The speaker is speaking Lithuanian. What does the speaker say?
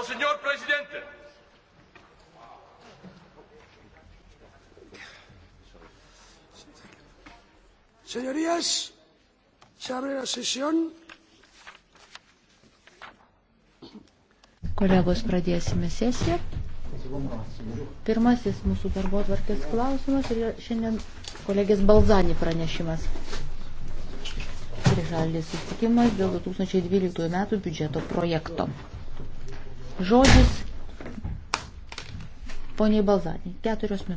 El señor presidente. Señorías, se abre la sesión. Kolegos, pradėsime sesiją. Pirmasis mūsų darbo atvarkės klausimas ir šiandien kolegės Balzani pranešimas. Trišalis susitikimas dėl 2012 metų biudžeto projekto. Žodis poniai Balzadė. Keturios minutės.